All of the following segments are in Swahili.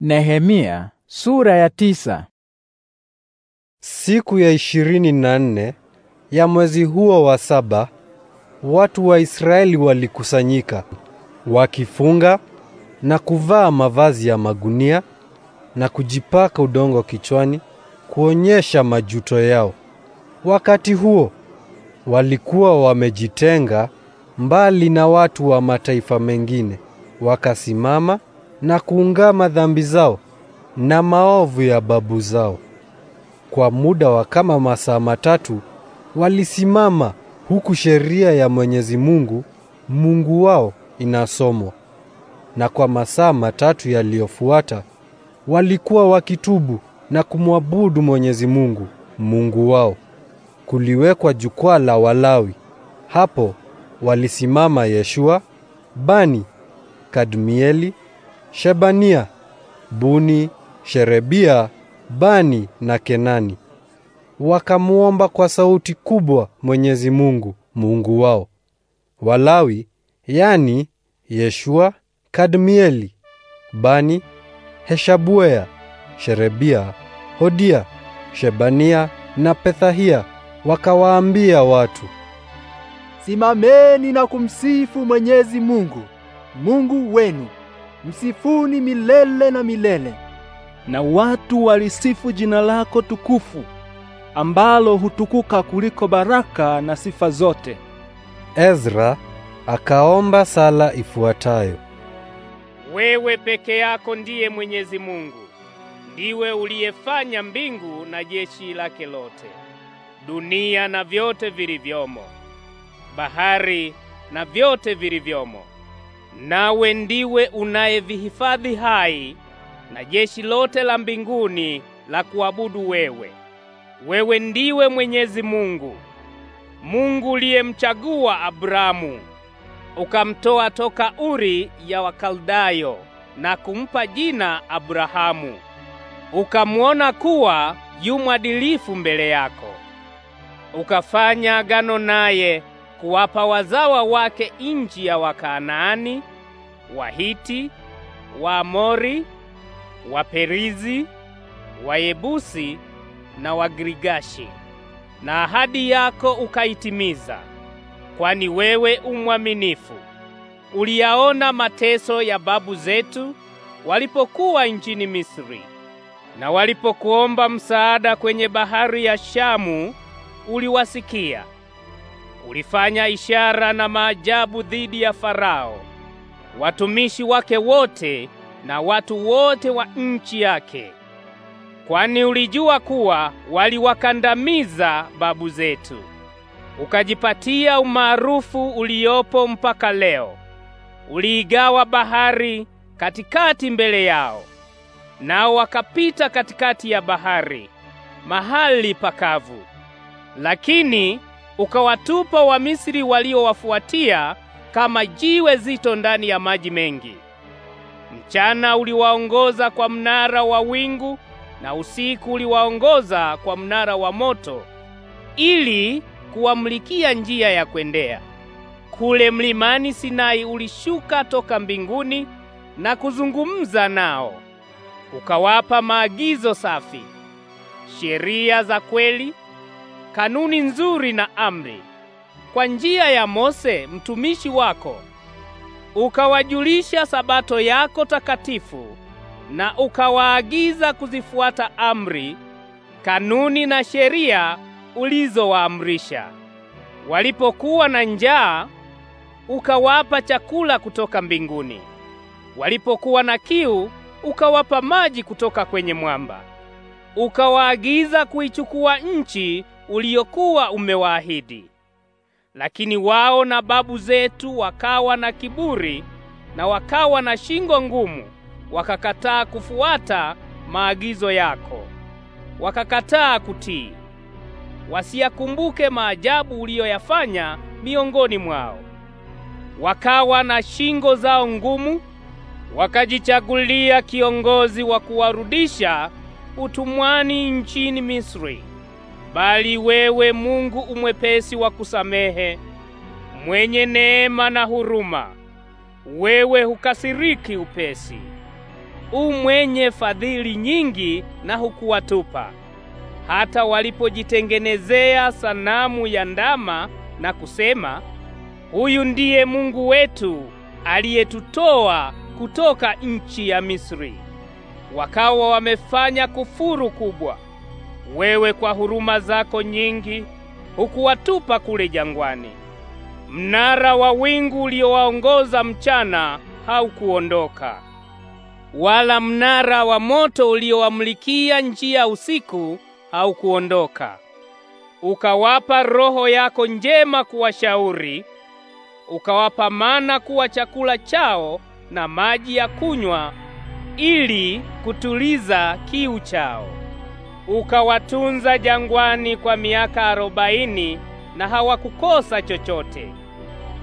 Nehemia sura ya tisa. Siku ya ishirini na nne ya mwezi huo wa saba watu wa Israeli walikusanyika wakifunga na kuvaa mavazi ya magunia na kujipaka udongo kichwani kuonyesha majuto yao. Wakati huo walikuwa wamejitenga mbali na watu wa mataifa mengine, wakasimama na kuungama dhambi zao na maovu ya babu zao. Kwa muda wa kama masaa matatu walisimama huku sheria ya Mwenyezi Mungu Mungu wao inasomwa. Na kwa masaa matatu yaliyofuata walikuwa wakitubu na kumwabudu Mwenyezi Mungu Mungu wao. Kuliwekwa jukwaa la Walawi. Hapo walisimama Yeshua, Bani, Kadmieli Shebania, Buni, Sherebia, Bani na Kenani. Wakamwomba kwa sauti kubwa Mwenyezi Mungu, Mungu wao. Walawi, yani Yeshua, Kadmieli, Bani, Heshabuea, Sherebia, Hodia, Shebania na Pethahia wakawaambia watu, Simameni na kumsifu Mwenyezi Mungu, Mungu wenu msifuni milele na milele. Na watu walisifu jina lako tukufu ambalo hutukuka kuliko baraka na sifa zote. Ezra akaomba sala ifuatayo: wewe peke yako ndiye Mwenyezi Mungu, ndiwe uliyefanya mbingu na jeshi lake lote, dunia na vyote vilivyomo, bahari na vyote vilivyomo, nawe ndiwe unayevihifadhi hai na jeshi lote la mbinguni la kuabudu wewe. Wewe ndiwe Mwenyezi Mungu, Mungu uliyemchagua Abrahamu ukamtoa toka Uri ya Wakaldayo na kumpa jina Abrahamu, ukamwona kuwa yu mwadilifu mbele yako, ukafanya agano naye kuwapa wazawa wake inji ya Wakanaani, Wahiti, Waamori, Waperizi, Wayebusi na Wagirigashi, na ahadi yako ukaitimiza, kwani wewe umwaminifu. Uliyaona mateso ya babu zetu walipokuwa nchini Misri, na walipokuomba msaada kwenye bahari ya Shamu uliwasikia. Ulifanya ishara na maajabu dhidi ya Farao, watumishi wake wote na watu wote wa nchi yake, kwani ulijua kuwa waliwakandamiza babu zetu. Ukajipatia umaarufu uliopo mpaka leo. Uliigawa bahari katikati mbele yao, nao wakapita katikati ya bahari mahali pakavu, lakini ukawatupa Wamisri waliowafuatia kama jiwe zito ndani ya maji mengi. Mchana uliwaongoza kwa mnara wa wingu na usiku uliwaongoza kwa mnara wa moto ili kuwamulikia njia ya kwendea. Kule mlimani Sinai ulishuka toka mbinguni na kuzungumza nao, ukawapa maagizo safi, sheria za kweli kanuni nzuri na amri kwa njia ya Mose mtumishi wako, ukawajulisha sabato yako takatifu na ukawaagiza kuzifuata amri, kanuni na sheria ulizowaamrisha. Walipokuwa na njaa, ukawapa chakula kutoka mbinguni. Walipokuwa na kiu, ukawapa maji kutoka kwenye mwamba. Ukawaagiza kuichukua nchi uliokuwa umewaahidi. Lakini wao na babu zetu wakawa na kiburi na wakawa na shingo ngumu, wakakataa kufuata maagizo yako, wakakataa kutii, wasiyakumbuke maajabu uliyoyafanya miongoni mwao. Wakawa na shingo zao ngumu, wakajichagulia kiongozi wa kuwarudisha utumwani nchini Misri bali wewe Mungu umwepesi wa kusamehe, mwenye neema na huruma, wewe hukasiriki upesi, u mwenye fadhili nyingi na hukuwatupa hata walipojitengenezea sanamu ya ndama na kusema, huyu ndiye Mungu wetu aliyetutoa kutoka nchi ya Misri. Wakawa wamefanya kufuru kubwa. Wewe kwa huruma zako nyingi hukuwatupa kule jangwani. Mnara wa wingu uliowaongoza mchana haukuondoka, wala mnara wa moto uliowamulikia njia usiku haukuondoka. Ukawapa roho yako njema kuwashauri, ukawapa mana kuwa chakula chao na maji ya kunywa, ili kutuliza kiu chao ukawatunza jangwani kwa miaka arobaini na hawakukosa chochote.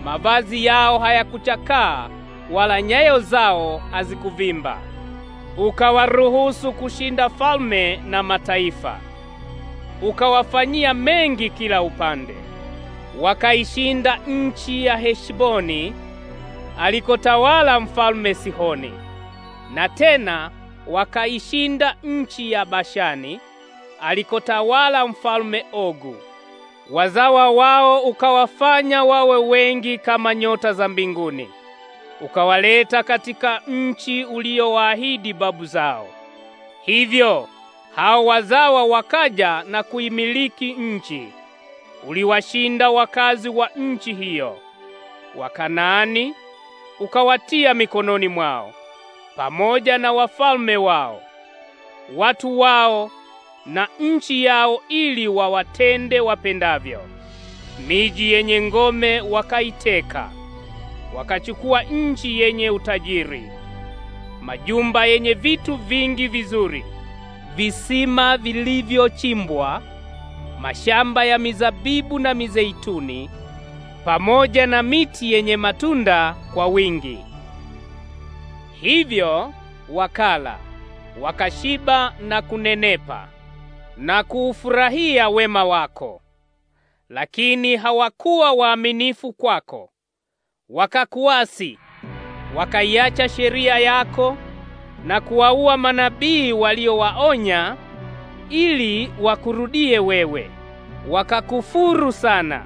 Mavazi yao hayakuchakaa wala nyayo zao hazikuvimba. Ukawaruhusu kushinda falme na mataifa, ukawafanyia mengi kila upande. Wakaishinda nchi ya Heshboni alikotawala mfalme Sihoni, na tena wakaishinda nchi ya Bashani alikotawala mfalme Ogu. Wazawa wao ukawafanya wawe wengi kama nyota za mbinguni, ukawaleta katika nchi uliyowaahidi babu zao. Hivyo hao wazawa wakaja na kuimiliki nchi. Uliwashinda wakazi wa nchi hiyo Wakanaani, ukawatia mikononi mwao pamoja na wafalme wao, watu wao na nchi yao ili wawatende wapendavyo. Miji yenye ngome wakaiteka, wakachukua nchi yenye utajiri, majumba yenye vitu vingi vizuri, visima vilivyochimbwa, mashamba ya mizabibu na mizeituni, pamoja na miti yenye matunda kwa wingi. Hivyo wakala wakashiba na kunenepa na kuufurahia wema wako, lakini hawakuwa waaminifu kwako. Wakakuasi, wakaiacha sheria yako na kuwaua manabii waliowaonya ili wakurudie wewe. Wakakufuru sana,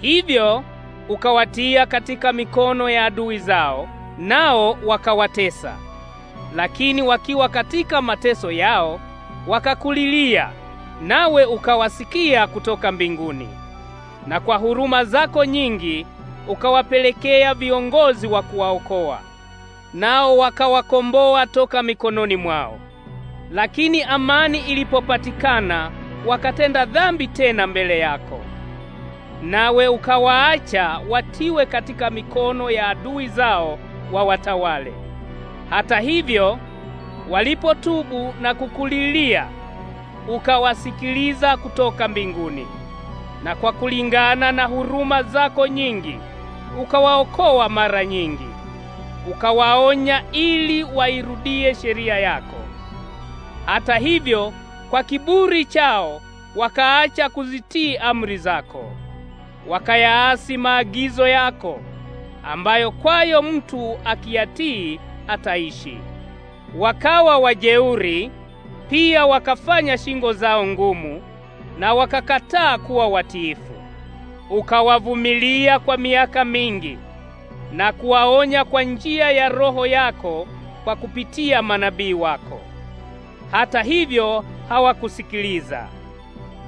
hivyo ukawatia katika mikono ya adui zao, nao wakawatesa. Lakini wakiwa katika mateso yao wakakulilia, nawe ukawasikia kutoka mbinguni, na kwa huruma zako nyingi ukawapelekea viongozi wa kuwaokoa, nao wakawakomboa toka mikononi mwao. Lakini amani ilipopatikana, wakatenda dhambi tena mbele yako, nawe ukawaacha watiwe katika mikono ya adui zao watawale Hata hivyo walipotubu na kukulilia, ukawasikiliza kutoka mbinguni, na kwa kulingana na huruma zako nyingi ukawaokoa mara nyingi, ukawaonya ili wairudie sheria yako. Hata hivyo, kwa kiburi chao wakaacha kuzitii amri zako, wakayaasi maagizo yako, ambayo kwayo mtu akiyatii ataishi. Wakawa wajeuri pia, wakafanya shingo zao ngumu na wakakataa kuwa watiifu. Ukawavumilia kwa miaka mingi na kuwaonya kwa njia ya Roho yako kwa kupitia manabii wako. Hata hivyo hawakusikiliza.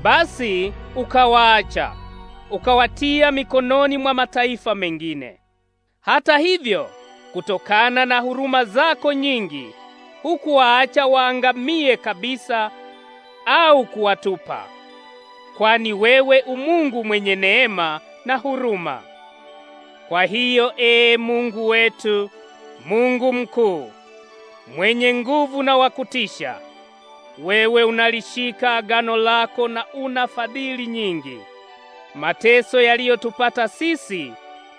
Basi ukawaacha, ukawatia mikononi mwa mataifa mengine. Hata hivyo, kutokana na huruma zako nyingi hukuwaacha waangamie kabisa au kuwatupa. Kwani wewe umungu mwenye neema na huruma. Kwa hiyo, ee Mungu wetu, Mungu mkuu, mwenye nguvu na wakutisha, wewe unalishika agano lako na una fadhili nyingi. Mateso yaliyotupata sisi,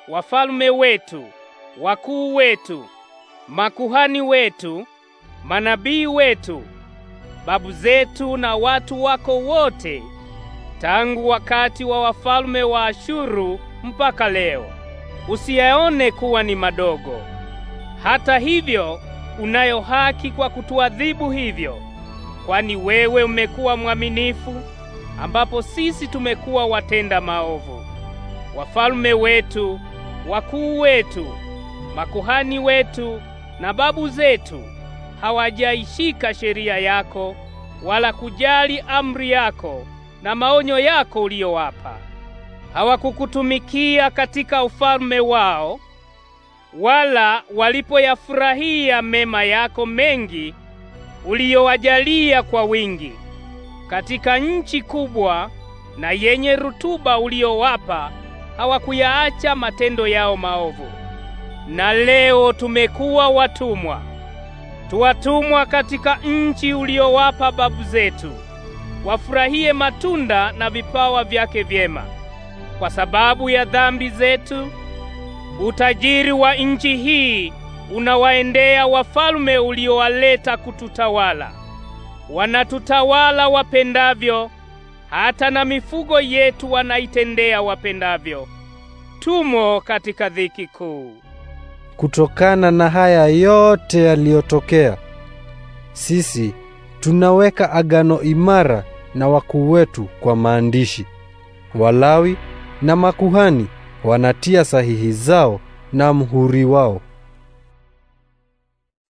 wafalme wetu, wakuu wetu, makuhani wetu manabii wetu, babu zetu na watu wako wote tangu wakati wa wafalme wa Ashuru mpaka leo. Usiyaone kuwa ni madogo. Hata hivyo, unayo haki kwa kutuadhibu hivyo, kwani wewe umekuwa mwaminifu ambapo sisi tumekuwa watenda maovu. Wafalme wetu, wakuu wetu, makuhani wetu na babu zetu hawajaishika sheria yako wala kujali amri yako na maonyo yako uliyowapa. Hawakukutumikia katika ufalme wao, wala walipoyafurahia mema yako mengi uliyowajalia kwa wingi katika nchi kubwa na yenye rutuba uliyowapa, hawakuyaacha matendo yao maovu. Na leo tumekuwa watumwa tuwatumwa katika nchi uliowapa babu zetu, wafurahie matunda na vipawa vyake vyema. Kwa sababu ya dhambi zetu, utajiri wa nchi hii unawaendea wafalme uliowaleta kututawala. Wanatutawala wapendavyo, hata na mifugo yetu wanaitendea wapendavyo. Tumo katika dhiki kuu. Kutokana na haya yote yaliyotokea, sisi tunaweka agano imara na wakuu wetu kwa maandishi. Walawi na makuhani wanatia sahihi zao na mhuri wao.